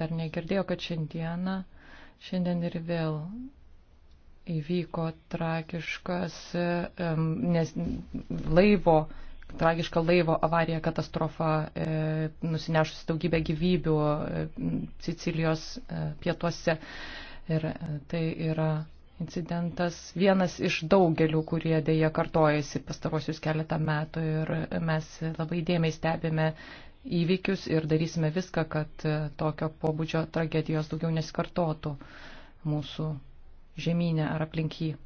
dar negirdėjo, kad šiandieną, šiandien ir vėl įvyko tragiškas nes, laivo, tragiška laivo avarija katastrofa, e, nusinešusi daugybę gyvybių e, Sicilijos e, pietuose. Ir tai yra incidentas, vienas iš daugelių, kurie dėja kartojasi pastarosius keletą metų ir mes labai dėmiai stebime įvykius ir darysime viską, kad e, tokio pobūdžio tragedijos daugiau nesikartotų mūsų žemynė ar aplinkyje.